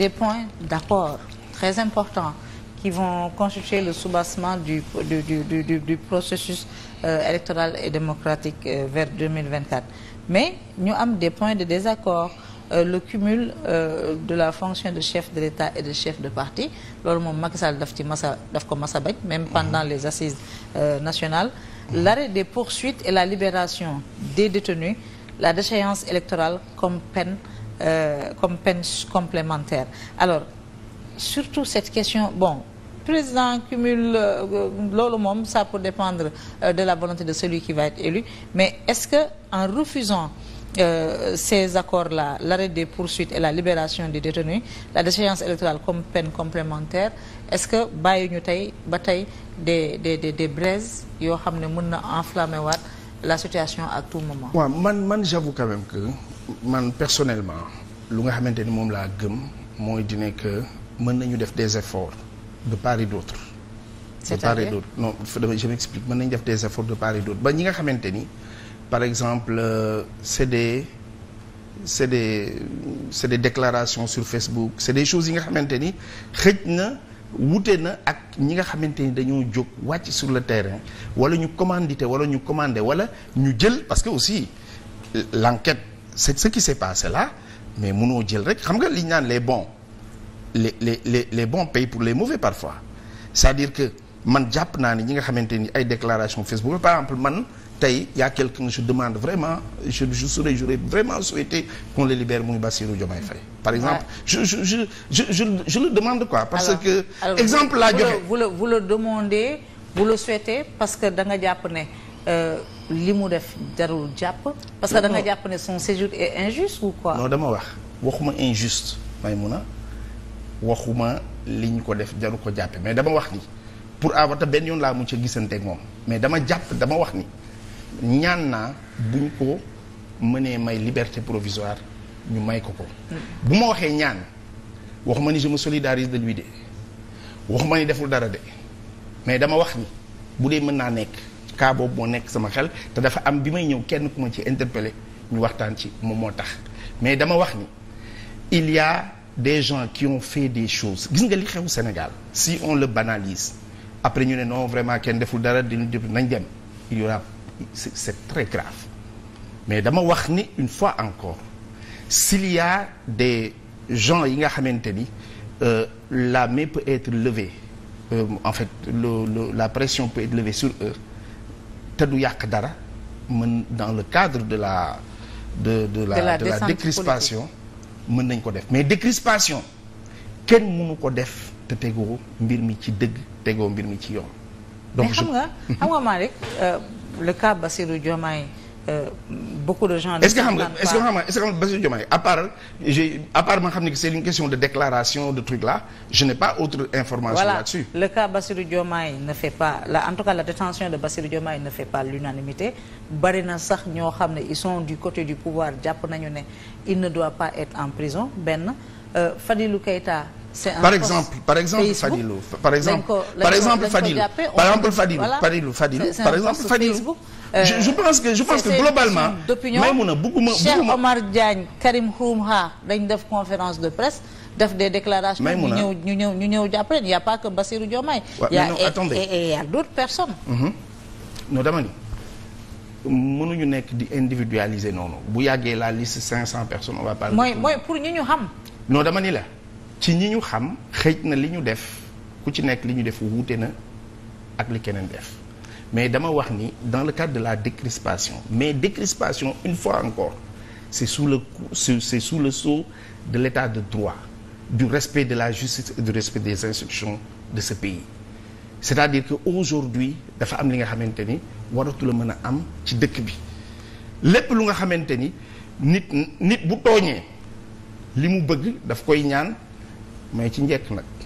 des points d'accord très importants qui vont constituer le du du du du du processus euh, électoral et démocratique euh, vers mais ñu am des points de désaccord euh, le cumul euh, de la fonction de chef de l'État et chef de parti loolu moom Macky Sall ci masa daf ko masa bañ même pendant les assises euh, nationales l'arrêt des poursuites et la libération des détenus la déchéance électorale comme peine euh, comme peine complémentaire alors surtout cette question bon président cumule euh, loolu moom ça peut dépendre euh, de la volonté de celui qui va être élu mais est-ce que en refusant euh, ces accords-là l'arrêt des poursuites et la libération des détenus la déchéance électorale comme peine complémentaire est-ce que bàyyi ñu tey ba tey des des des des braises yoo xam ne mën na enflammer waat la situation à tout moment. man man j'avoue quand man personnellement lu nga xamante ni moom laa gëm mooy di nekk que mën nañu def des efforts de part et d'autre. de part et d'autre non je m'explique mën nañu def des efforts de part et d'autre ba ñi nga xamante ni par exemple euh, c'est des c'est des c'est des déclarations sur Facebook c'est des choses yi nga xamante ni xëj na wute na ak ñi nga xamante ni dañoo jóg wàcc sur le terrain wala ñu commandité wala ñu commandé wala ñu jël parce que aussi l'enquête c'est ce qui s'est passé là mais mënoo jël rek xam nga li ñu naan les bons les les les les bons payent pour les mauvais parfois c'est-à-dire que man jàpp naa ne ñi nga xamante ni ay déclaration Facebook par exemple man tey y a quelqu'un je demande vraiment je je serais j'aurais vraiment souhaité qu'on le libère muy Bassirou Diomaye Faye par exemple ouais. je je le demande quoi parce que exemple laa joxe vous le vous le demandez le souhaitez parce que da nga jàpp ne euh, li mu def jarul jàpp. parce que da nga jàpp ne son séjour est injuste ou quoi. non dama wax waxuma injuste Maïmouna waxuma li ñu ko def jaru ko jàppe mais dama wax ni pour avata benn yoon laa mu ca gisante ak moom mais dama jàpp dama wax ni ñaan naa bu ñu ko mënee may liberté provisoire ñu may ko ko. bu ma waxee ñaan waxuma ni je me solidarise de lui de waxuma ni deful dara de mais dama wax ni bu dee mën naa nekk. cas boobu moo nekk sama xel te dafa am bi may ñëw kenn ku ma ci interpellé ñu waxtaan ci moom moo tax mais dama wax ni il y des gens qui ont fait des choses gis nga li xew Sénégal si on le banalise après ñu ne non vraiment kenn deful dara di nañ dem il y aura c'est très grave mais dama wax ni une fois encore s'il y a des gens yi nga xamante ni euh, la main peut être levée euh, en fait le, le, la pression peut être levée sur eux te du yàq dara mën dans le cadre de la de de la de la, de la mën nañ ko def mais décrispation kenn mënu ko def te tegoo mbir mi ci dëgg tegoo mbir mi ci yoon. donc mais xam nga xam nga Malick euh, le cas Bassirou Diomaye euh, beaucoup de gens. est-ce que xam nga est-ce que xam nga est-ce que part j'ai à c'est une question de déclaration de truc là je n'ai pas autre information là-dessus. voilà le cas Bassirou Diomaye ne fait pas la détention de Bassirou Diomaye ne fait pas l'unanimité bari na sax ñoo xam ne ils sont du côté du pouvoir jàpp nañu ne il ne doit pas être en prison ben euh, Fadilou Keïta. par exemple par exemple Fadilou par exemple par exemple Fadilou par exemple Fadilou Fadilou Fadilou par exemple Fadilou je pense que je pense que globalement Maïmouna bugguma Cheikh Omar Diagne Karim Xrum Xax dañ def conférence de presse def des déclarations ñu ñëw ñu ñëw ñu ñëw jàppale il n'y a pas que Bassirou Diomaye il y a et il y a d'autres personnes mhm. non dama ni mënuñu nekk di individualiser noonu bu yàggee la liste cinq cent personnes on va parler mooy mooy pour ñu ñu xam non dama ni la ci ñi ñu xam xëj na li ñu def ku ci nekk li ñu def wuute na ak li keneen def mais dama wax ni dans le cadre de la décrispation mais décrispation une fois encore c'est sous le c'est sous le sceau de l'état de droit du respect de la justice et du respect des institutions de ce pays c'est-à-dire que aujourd'hui dafa am li nga xamante ni waratu la mën a am ci dëkk bi lépp lu nga xamante ni nit nit bu tooñee li mu bëgg daf koy ñaan mais ci njëkk nag